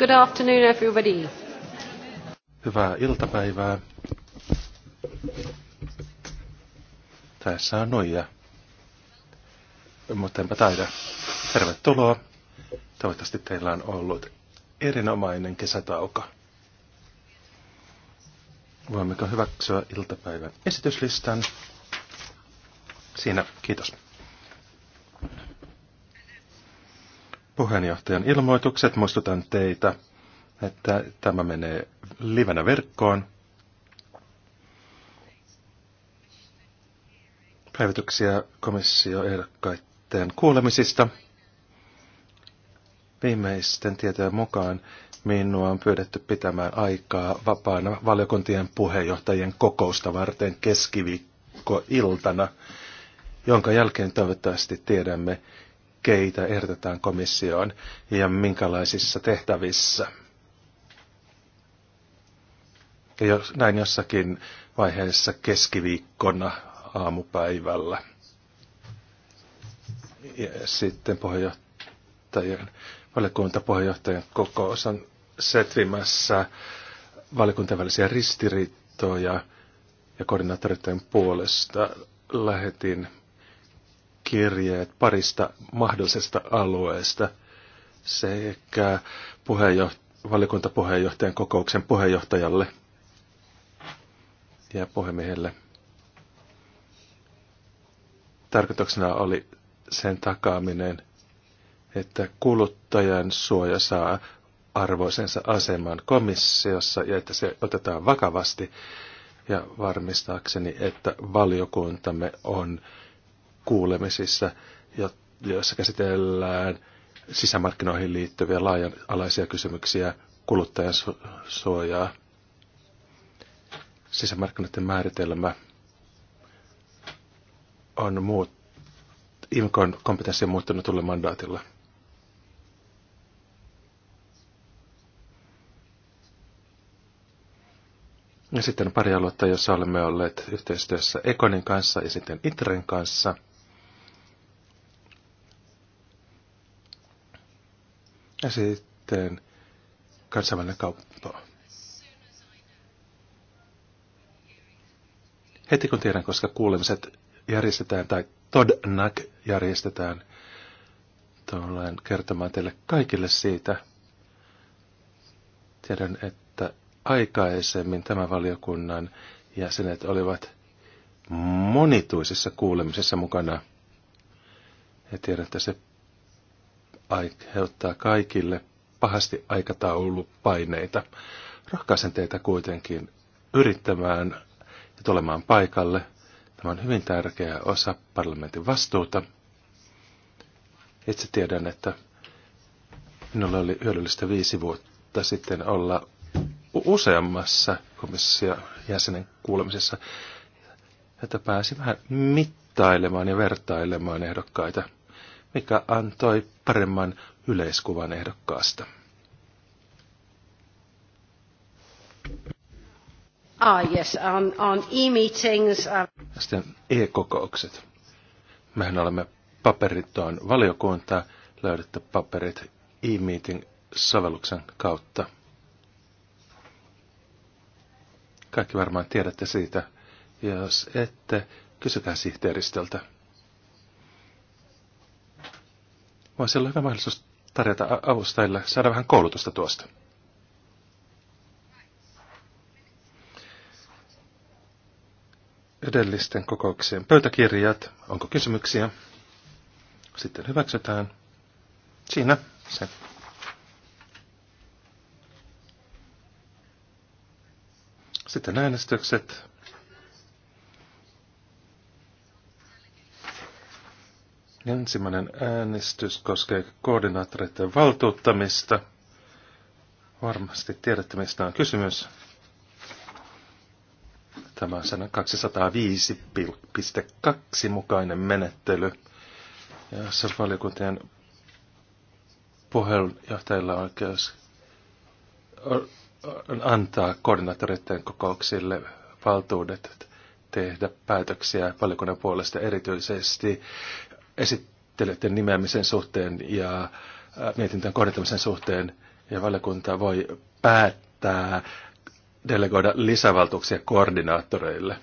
Good afternoon everybody. Hyvää iltapäivää. Tässä on Nuija. Mutta enpä taida. Tervetuloa. Toivottavasti teillä on ollut erinomainen kesätauko. Voimmeko hyväksyä iltapäivän esityslistan? Siinä, kiitos. puheenjohtajan ilmoitukset. Muistutan teitä, että tämä menee livenä verkkoon. Päivityksiä komissioehdokkaiden kuulemisista. Viimeisten tietojen mukaan minua on pyydetty pitämään aikaa vapaana valiokuntien puheenjohtajien kokousta varten keskiviikkoiltana, jonka jälkeen toivottavasti tiedämme, keitä ehdotetaan komissioon ja minkälaisissa tehtävissä. Ja jos, näin jossakin vaiheessa keskiviikkona aamupäivällä. Ja sitten puheenjohtajan, valiokuntapuheenjohtajan kokous on setvimässä välisiä ristiriitoja ja koordinaattoreiden puolesta lähetin kirjeet parista mahdollisesta alueesta sekä puheenjoht- valiokuntapuheenjohtajan kokouksen puheenjohtajalle ja puhemiehelle. Tarkoituksena oli sen takaaminen, että kuluttajan suoja saa arvoisensa aseman komissiossa ja että se otetaan vakavasti ja varmistaakseni, että valiokuntamme on kuulemisissa, joissa käsitellään sisämarkkinoihin liittyviä laaja-alaisia kysymyksiä, kuluttajan suojaa, sisämarkkinoiden määritelmä on muut, IMKon kompetenssi on muuttunut tulle mandaatilla. Ja sitten on pari aluetta, joissa olemme olleet yhteistyössä Ekonin kanssa ja sitten Itren kanssa – Ja sitten kansainvälinen kauppa. Heti kun tiedän, koska kuulemiset järjestetään tai todnak järjestetään, tulen kertomaan teille kaikille siitä. Tiedän, että aikaisemmin tämän valiokunnan jäsenet olivat monituisissa kuulemisissa mukana. Ja tiedän, että se aiheuttaa kaikille pahasti aikataulupaineita. Rohkaisen teitä kuitenkin yrittämään ja tulemaan paikalle. Tämä on hyvin tärkeä osa parlamentin vastuuta. Itse tiedän, että minulla oli hyödyllistä viisi vuotta sitten olla useammassa komission jäsenen kuulemisessa, että pääsi vähän mittailemaan ja vertailemaan ehdokkaita – mikä antoi paremman yleiskuvan ehdokkaasta. Ah, yes, on, on e-meetings. Uh, Sitten e-kokoukset. Mehän olemme paperiton valiokuntaa Löydätte paperit e-meeting-sovelluksen kautta. Kaikki varmaan tiedätte siitä. Jos ette, kysykää sihteeristöltä. Voisi olla hyvä mahdollisuus tarjota avustajille, saada vähän koulutusta tuosta. Edellisten kokouksien pöytäkirjat. Onko kysymyksiä? Sitten hyväksytään. Siinä se. Sitten äänestykset. Ensimmäinen äänestys koskee koordinaattoreiden valtuuttamista. Varmasti tiedätte, mistä on kysymys. Tämä on 205.2 mukainen menettely, se valiokuntien puheenjohtajilla on oikeus antaa koordinaattoreiden kokouksille valtuudet tehdä päätöksiä valiokunnan puolesta erityisesti esittelijöiden nimeämisen suhteen ja äh, mietintön kohdentamisen suhteen. Ja valiokunta voi päättää delegoida lisävaltuuksia koordinaattoreille.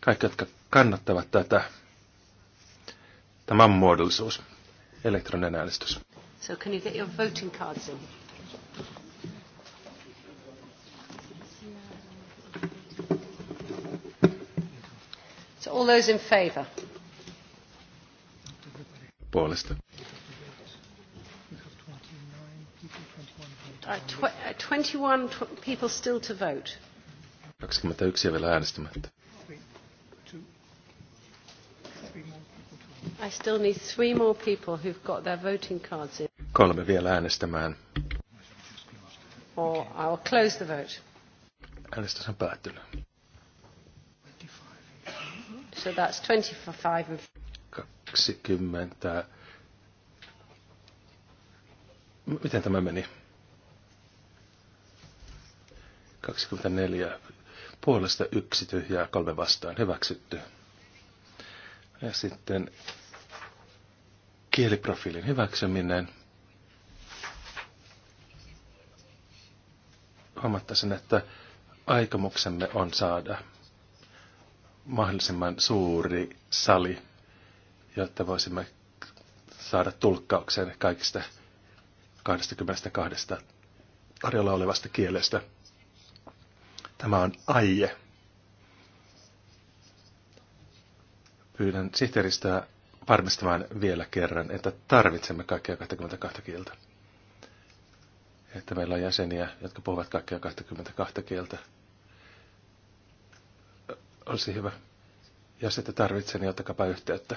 Kaikki, jotka kannattavat tätä. Tämä on muodollisuus. Elektroninen äänestys. So can you get your voting cards in? So all those in favor puolesta. Uh, uh, 21 people still to vote. 21 vielä äänestämättä. I still need three more people who've got their voting cards in. Kolme vielä äänestämään. Or I'll close the vote. Äänestys on päättynyt. So that's 25 and 20. Miten tämä meni? 24 puolesta yksi tyhjää, kolme vastaan hyväksytty. Ja sitten kieliprofiilin hyväksyminen. Huomattaisin, että aikomuksemme on saada mahdollisimman suuri sali jotta voisimme saada tulkkauksen kaikista 22 tarjolla olevasta kielestä. Tämä on aie. Pyydän sihteeristöä varmistamaan vielä kerran, että tarvitsemme kaikkia 22 kieltä. Että meillä on jäseniä, jotka puhuvat kaikkia 22 kieltä. Olisi hyvä. Jos ette tarvitse, niin ottakapa yhteyttä.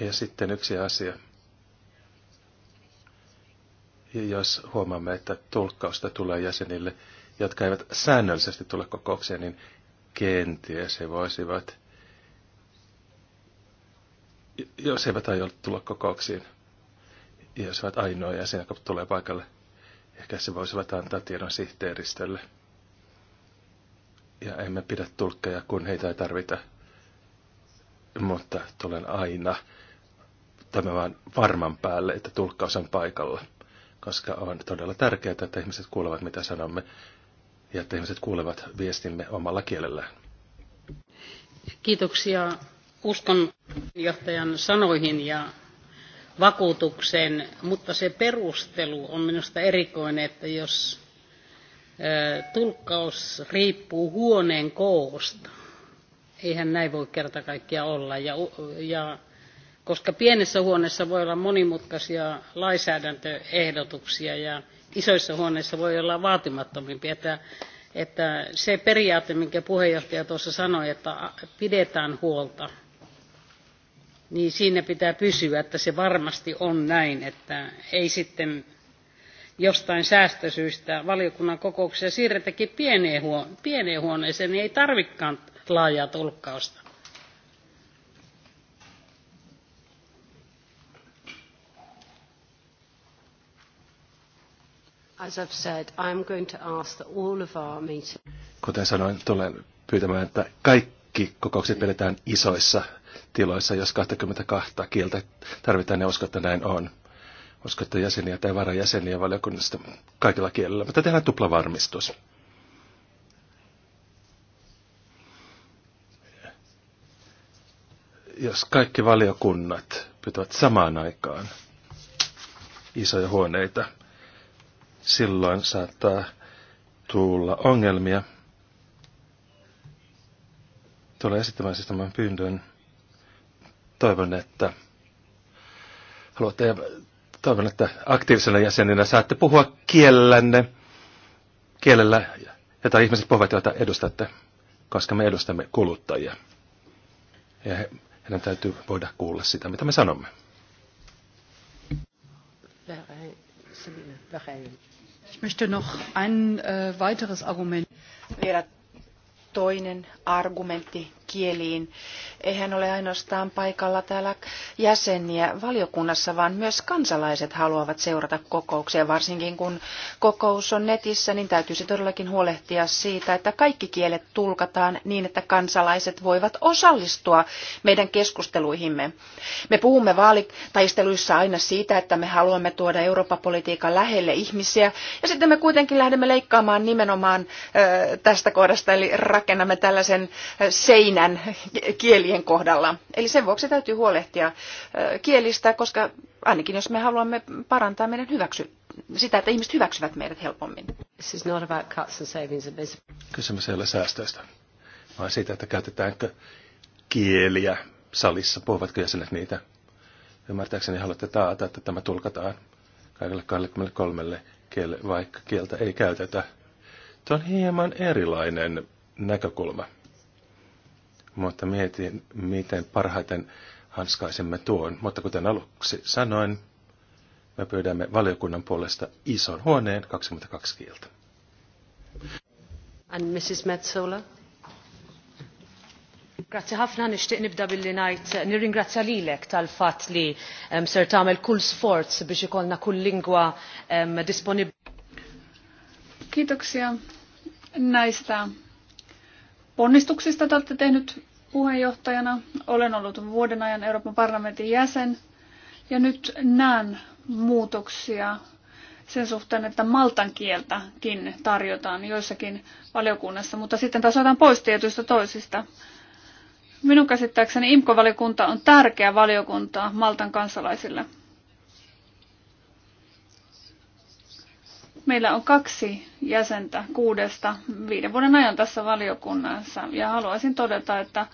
Ja sitten yksi asia. Jos huomaamme, että tulkkausta tulee jäsenille, jotka eivät säännöllisesti tule kokoukseen, niin kenties he voisivat, jos he eivät aio tulla kokouksiin, jos ovat ainoa jäsen, joka tulee paikalle, ehkä se voisivat antaa tiedon sihteeristölle. Ja emme pidä tulkkeja, kun heitä ei tarvita mutta tulen aina tämän vaan varman päälle, että tulkkaus on paikalla, koska on todella tärkeää, että ihmiset kuulevat, mitä sanomme, ja että ihmiset kuulevat viestimme omalla kielellään. Kiitoksia uskonjohtajan sanoihin ja vakuutukseen, mutta se perustelu on minusta erikoinen, että jos tulkkaus riippuu huoneen koosta, eihän näin voi kerta kaikkiaan olla. Ja, ja koska pienessä huoneessa voi olla monimutkaisia lainsäädäntöehdotuksia ja isoissa huoneissa voi olla vaatimattomimpi, että, että se periaate, minkä puheenjohtaja tuossa sanoi, että pidetään huolta, niin siinä pitää pysyä, että se varmasti on näin, että ei sitten jostain säästösyistä valiokunnan kokouksia siirretäkin pieneen, huone- pieneen huoneeseen, niin ei tarvikaan laajaa tulkkausta. As I've said, I'm going to ask that all of our meetings... Kuten sanoin, tulen pyytämään, että kaikki kokoukset pidetään isoissa tiloissa, jos 22 kieltä tarvitaan ne niin uskon, että näin on. Uskon, jäseniä tai varajäseniä valiokunnasta kaikilla kielillä, mutta tehdään tuplavarmistus. jos kaikki valiokunnat pitävät samaan aikaan isoja huoneita, silloin saattaa tulla ongelmia. Tulee esittämään siis tämän pyyntön. Toivon, että haluatte, toivon, että aktiivisena jäsenenä saatte puhua kielellänne, kielellä, jota ihmiset puhuvat, joita edustatte, koska me edustamme kuluttajia. Ja he heidän täytyy voida kuulla sitä, mitä me sanomme. Ich möchte noch ein äh, weiteres Argument. Vielä toinen argumentti kieliin. Eihän ole ainoastaan paikalla täällä jäseniä valiokunnassa, vaan myös kansalaiset haluavat seurata kokouksia. Varsinkin kun kokous on netissä, niin täytyisi todellakin huolehtia siitä, että kaikki kielet tulkataan niin, että kansalaiset voivat osallistua meidän keskusteluihimme. Me puhumme vaalitaisteluissa aina siitä, että me haluamme tuoda Eurooppa-politiikan lähelle ihmisiä, ja sitten me kuitenkin lähdemme leikkaamaan nimenomaan tästä kohdasta, eli rakennamme tällaisen seinän Kiinan kielien kohdalla. Eli sen vuoksi täytyy huolehtia kielistä, koska ainakin jos me haluamme parantaa meidän hyväksy, sitä, että ihmiset hyväksyvät meidät helpommin. This is not about cuts and savings and Kysymys ei ole säästöistä, vaan siitä, että käytetäänkö kieliä salissa, puhuvatko jäsenet niitä. Ymmärtääkseni haluatte taata, että tämä tulkataan kaikille 23 kielelle, vaikka kieltä ei käytetä. Tämä on hieman erilainen näkökulma mutta mietin, miten parhaiten hanskaisemme tuon. Mutta kuten aluksi sanoin, me pyydämme valiokunnan puolesta ison huoneen 22 kieltä. And Mrs. Metsola. Grazie ħafna nixtieq nibda billi ngħid eh, nirringrazzja lilek tal-fatt li um, ser tagħmel kull sforz biex ikollna kull lingwa um, Kiitoksia näistä ponnistuksista te olette tehnyt puheenjohtajana. Olen ollut vuoden ajan Euroopan parlamentin jäsen ja nyt näen muutoksia sen suhteen, että maltan kieltäkin tarjotaan joissakin valiokunnassa, mutta sitten taas otetaan pois tietyistä toisista. Minun käsittääkseni IMKO-valiokunta on tärkeä valiokunta Maltan kansalaisille. Meillä on kaksi jäsentä kuudesta viiden vuoden ajan tässä valiokunnassa ja haluaisin todeta, että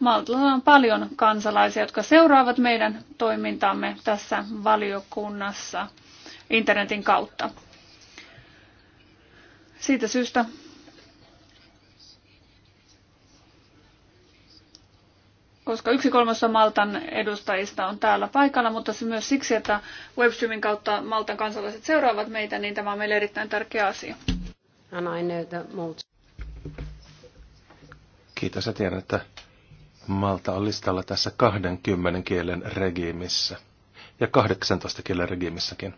Maltalla on paljon kansalaisia, jotka seuraavat meidän toimintaamme tässä valiokunnassa internetin kautta. Siitä syystä koska yksi kolmasosa Maltan edustajista on täällä paikalla, mutta se myös siksi, että webstreamin kautta Maltan kansalaiset seuraavat meitä, niin tämä on meille erittäin tärkeä asia. Kiitos ja tiedän, että Malta on listalla tässä 20 kielen regiimissä ja 18 kielen regiimissäkin.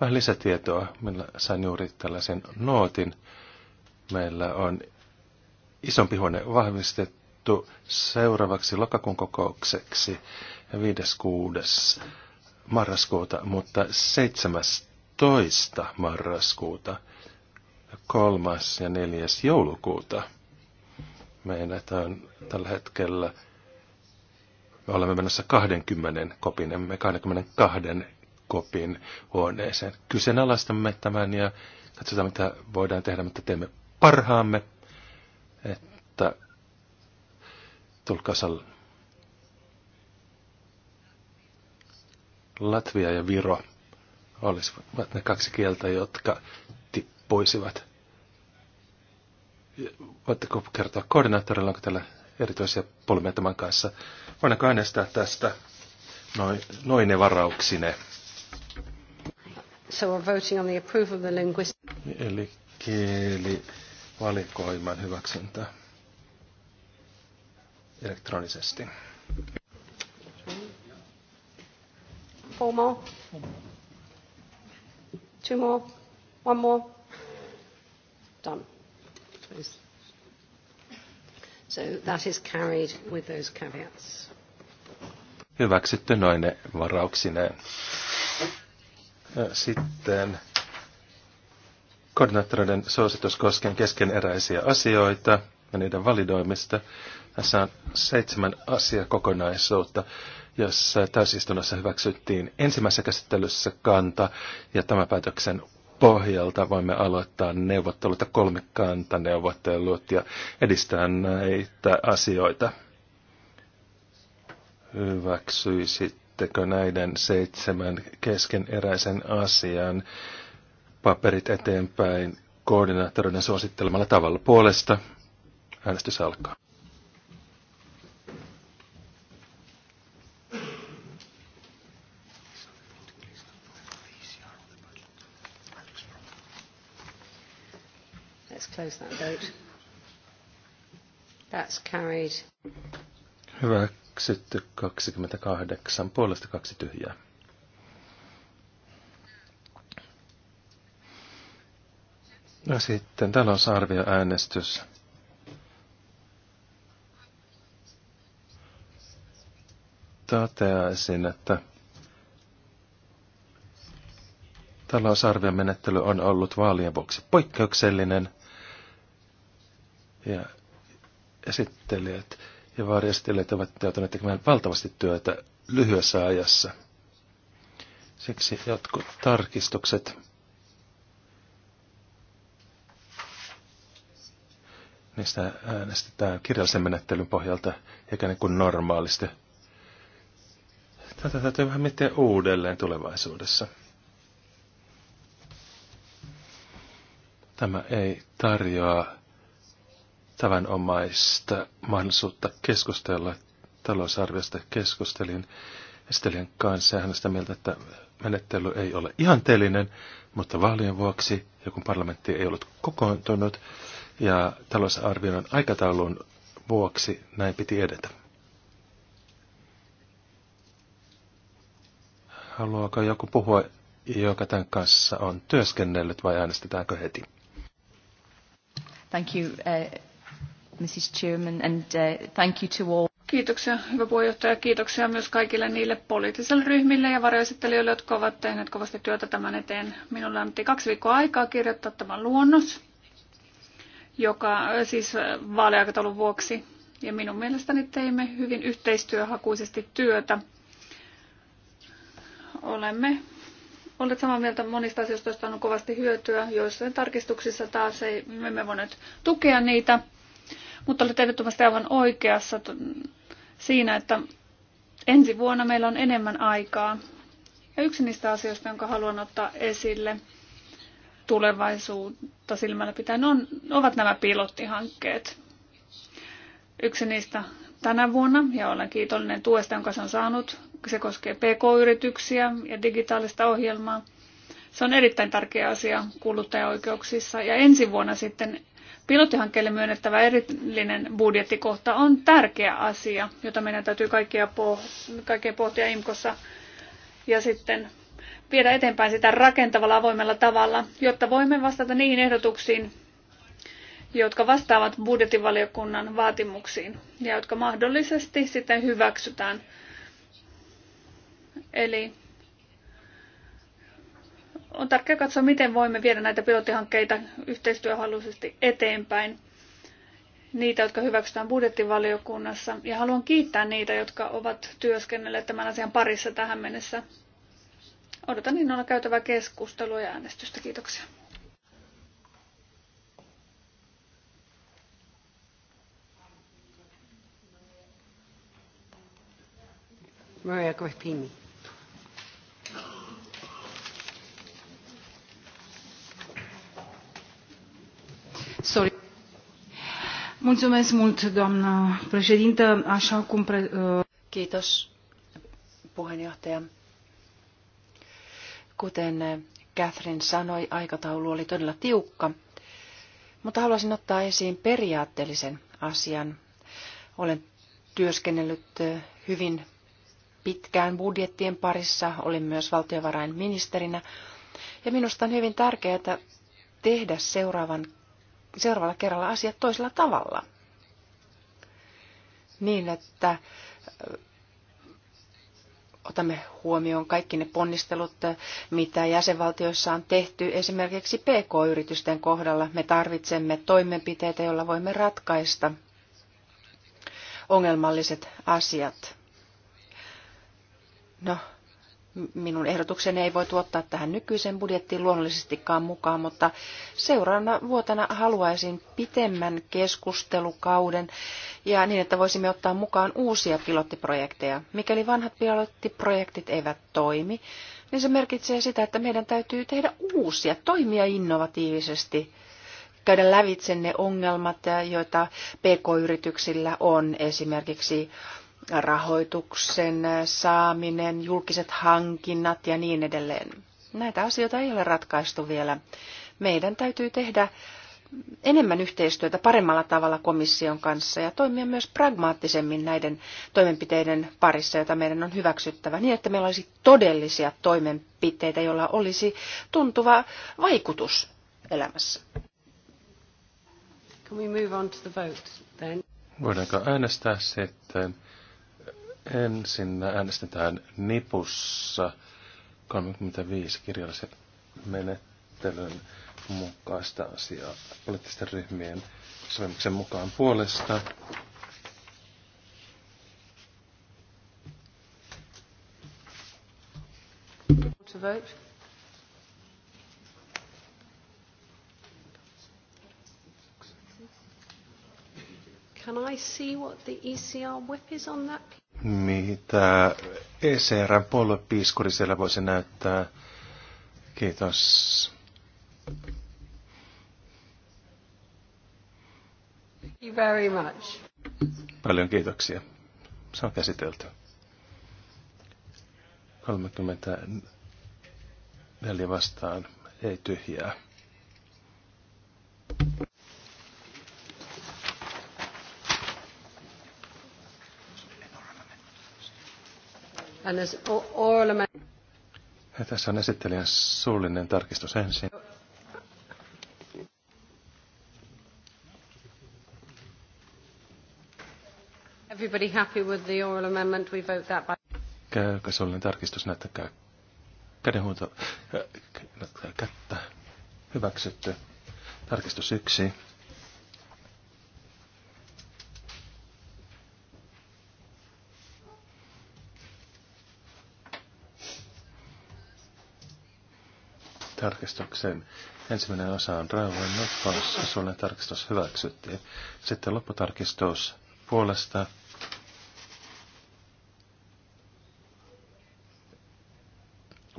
Vähän lisätietoa, millä sain juuri tällaisen nootin. Meillä on isompi huone vahvistettu sovittu seuraavaksi lokakuun kokoukseksi 5.6. marraskuuta, mutta 17. marraskuuta, 3. ja 4. joulukuuta. Meinataan tällä hetkellä, me olemme menossa 20 kopin, me 22 kopin huoneeseen. Kyseenalaistamme tämän ja katsotaan, mitä voidaan tehdä, mutta teemme parhaamme, että tulkasal. Latvia ja Viro olisivat ne kaksi kieltä, jotka tippuisivat. Voitteko kertoa koordinaattorilla, onko täällä erityisiä pulmia tämän kanssa? Voidaanko äänestää tästä noin, noin ne varauksine? So we're voting on the approval of the linguistic. Eli kielivalikoiman hyväksyntä elektronisesti. Four more. Two more. One more. Done. So that is carried with those caveats. Hyväksytty noin ne varauksineen. Sitten koordinaattoreiden suositus koskien keskeneräisiä asioita ja niiden validoimista tässä on seitsemän asiakokonaisuutta, jossa täysistunnossa hyväksyttiin ensimmäisessä käsittelyssä kanta, ja tämän päätöksen pohjalta voimme aloittaa neuvottelut ja kolmikantaneuvottelut ja edistää näitä asioita. Hyväksyisittekö näiden seitsemän keskeneräisen asian paperit eteenpäin koordinaattoreiden suosittelemalla tavalla puolesta? Äänestys alkaa. close that vote. That's carried. Hyväksytty 28, puolesta kaksi tyhjää. No sitten talousarvioäänestys. Toteaisin, että talousarviomenettely on ollut vaalien vuoksi poikkeuksellinen – ja esittelijät ja varjastelijat ovat joutuneet tekemään valtavasti työtä lyhyessä ajassa. Siksi jotkut tarkistukset niistä äänestetään kirjallisen menettelyn pohjalta, eikä niin kuin normaalisti. Tätä täytyy vähän miettiä uudelleen tulevaisuudessa. Tämä ei tarjoa tavanomaista mahdollisuutta keskustella talousarviosta keskustelin esittelijän kanssa ja sitä mieltä, että menettely ei ole ihanteellinen, mutta vaalien vuoksi, ja kun parlamentti ei ollut kokoontunut, ja talousarvion aikataulun vuoksi näin piti edetä. Haluaako joku puhua, joka tämän kanssa on työskennellyt, vai äänestetäänkö heti? Thank you. Uh, Mrs. Chairman, and uh, thank you to all. Kiitoksia, hyvä puheenjohtaja. Kiitoksia myös kaikille niille poliittisille ryhmille ja varjoesittelijöille, jotka ovat tehneet kovasti työtä tämän eteen. Minulla annettiin kaksi viikkoa aikaa kirjoittaa tämä luonnos, joka äh, siis äh, vaaliaikataulun vuoksi. Ja minun mielestäni teimme hyvin yhteistyöhakuisesti työtä. Olemme olleet samaa mieltä monista asioista, joista on kovasti hyötyä. Joissain tarkistuksissa taas ei, me emme voineet tukea niitä mutta olet ehdottomasti aivan oikeassa siinä, että ensi vuonna meillä on enemmän aikaa. Ja yksi niistä asioista, jonka haluan ottaa esille tulevaisuutta silmällä pitäen, on, ovat nämä pilottihankkeet. Yksi niistä tänä vuonna, ja olen kiitollinen tuesta, jonka se on saanut. Se koskee PK-yrityksiä ja digitaalista ohjelmaa. Se on erittäin tärkeä asia kuluttajaoikeuksissa. Ja ensi vuonna sitten Pilottihankkeelle myönnettävä erillinen budjettikohta on tärkeä asia, jota meidän täytyy kaikkea, poh- kaikkea pohtia IMKossa ja sitten viedä eteenpäin sitä rakentavalla avoimella tavalla, jotta voimme vastata niihin ehdotuksiin, jotka vastaavat budjettivaliokunnan vaatimuksiin ja jotka mahdollisesti sitten hyväksytään. Eli on tärkeää katsoa, miten voimme viedä näitä pilottihankkeita yhteistyöhaluisesti eteenpäin. Niitä, jotka hyväksytään budjettivaliokunnassa. Ja haluan kiittää niitä, jotka ovat työskennelleet tämän asian parissa tähän mennessä. Odotan innolla käytävää keskustelua ja äänestystä. Kiitoksia. Maria Grappini. Mulțumesc mult, doamnă președintă, așa cum... Pre... Uh, Kiitos, puheenjohtaja. Kuten eh, Catherine sanoi, aikataulu oli todella tiukka, mutta haluaisin ottaa esiin periaatteellisen asian. Olen työskennellyt eh, hyvin pitkään budjettien parissa, olin myös valtiovarainministerinä, ja minusta on hyvin tärkeää tehdä seuraavan seuraavalla kerralla asiat toisella tavalla. Niin, että otamme huomioon kaikki ne ponnistelut, mitä jäsenvaltioissa on tehty esimerkiksi PK-yritysten kohdalla. Me tarvitsemme toimenpiteitä, joilla voimme ratkaista ongelmalliset asiat. No, Minun ehdotukseni ei voi tuottaa tähän nykyisen budjettiin luonnollisestikaan mukaan, mutta seuraavana vuotena haluaisin pitemmän keskustelukauden ja niin, että voisimme ottaa mukaan uusia pilottiprojekteja. Mikäli vanhat pilottiprojektit eivät toimi, niin se merkitsee sitä, että meidän täytyy tehdä uusia, toimia innovatiivisesti käydä lävitse ne ongelmat, joita PK-yrityksillä on esimerkiksi rahoituksen saaminen, julkiset hankinnat ja niin edelleen. Näitä asioita ei ole ratkaistu vielä. Meidän täytyy tehdä enemmän yhteistyötä paremmalla tavalla komission kanssa ja toimia myös pragmaattisemmin näiden toimenpiteiden parissa, joita meidän on hyväksyttävä, niin että meillä olisi todellisia toimenpiteitä, joilla olisi tuntuva vaikutus elämässä. Can we move on to the vote, then? Voidaanko äänestää sitten? Ensin äänestetään nipussa 35 kirjallisen menettelyn mukaista asiaa poliittisten ryhmien sovimuksen mukaan puolesta. To vote. Can I see what the ECR whip is on that? mitä ECRn puoluepiiskuri siellä voisi näyttää. Kiitos. Thank you very much. Paljon kiitoksia. Se on käsitelty. 34 vastaan, ei tyhjää. Ja tässä on esittelijän suullinen tarkistus ensin. Everybody happy with the oral amendment? We vote that by... Käykö suullinen tarkistus? Näyttäkää kädenhuuto. Äh, kättä. Hyväksytty. Tarkistus yksi tarkistukseen. ensimmäinen osa on rauhan noppaus ja suullinen tarkistus hyväksyttiin. Sitten lopputarkistus puolesta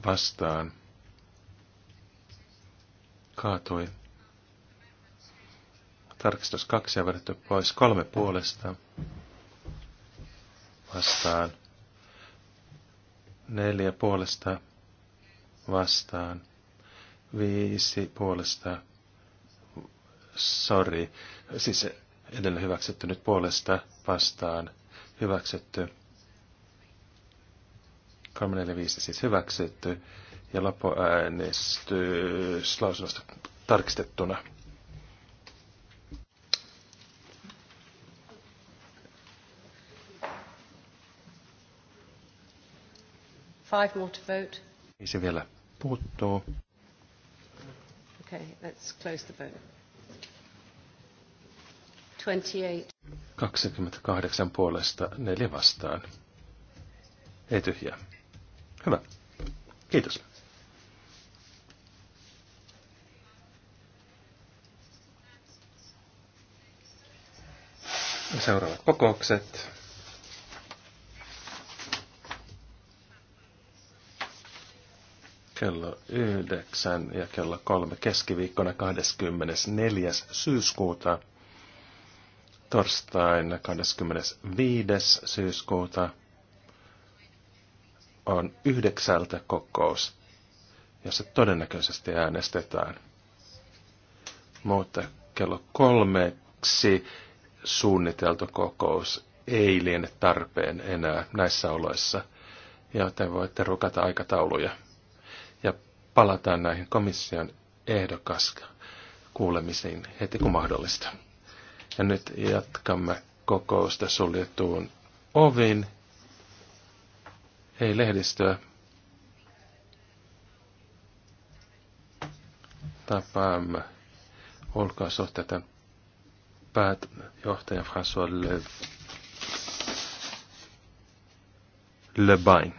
vastaan kaatui. Tarkistus kaksi ja vedetty pois kolme puolesta vastaan. Neljä puolesta vastaan viisi puolesta, sorry, siis edellä hyväksytty nyt puolesta vastaan, hyväksytty. 345 siis hyväksytty ja loppuäänestys lausunnosta tarkistettuna. Five more to vote. Viisi vielä puuttuu. Okay, let's close the vote. 28. puolesta, 4 vastaan. Ei tyhjää. Hyvä. Kiitos. Seuraavat kokoukset. kello 9 ja kello 3 keskiviikkona 24. syyskuuta, torstaina 25. syyskuuta on yhdeksältä kokous, jossa todennäköisesti äänestetään. Mutta kello kolmeksi suunniteltu kokous ei liene tarpeen enää näissä oloissa, joten voitte rukata aikatauluja palataan näihin komission ehdokas kuulemisiin heti kun mahdollista. Ja nyt jatkamme kokousta suljettuun ovin. Hei lehdistöä. Tapaamme ulkoasuhteiden päätjohtaja François Le, Le Bain.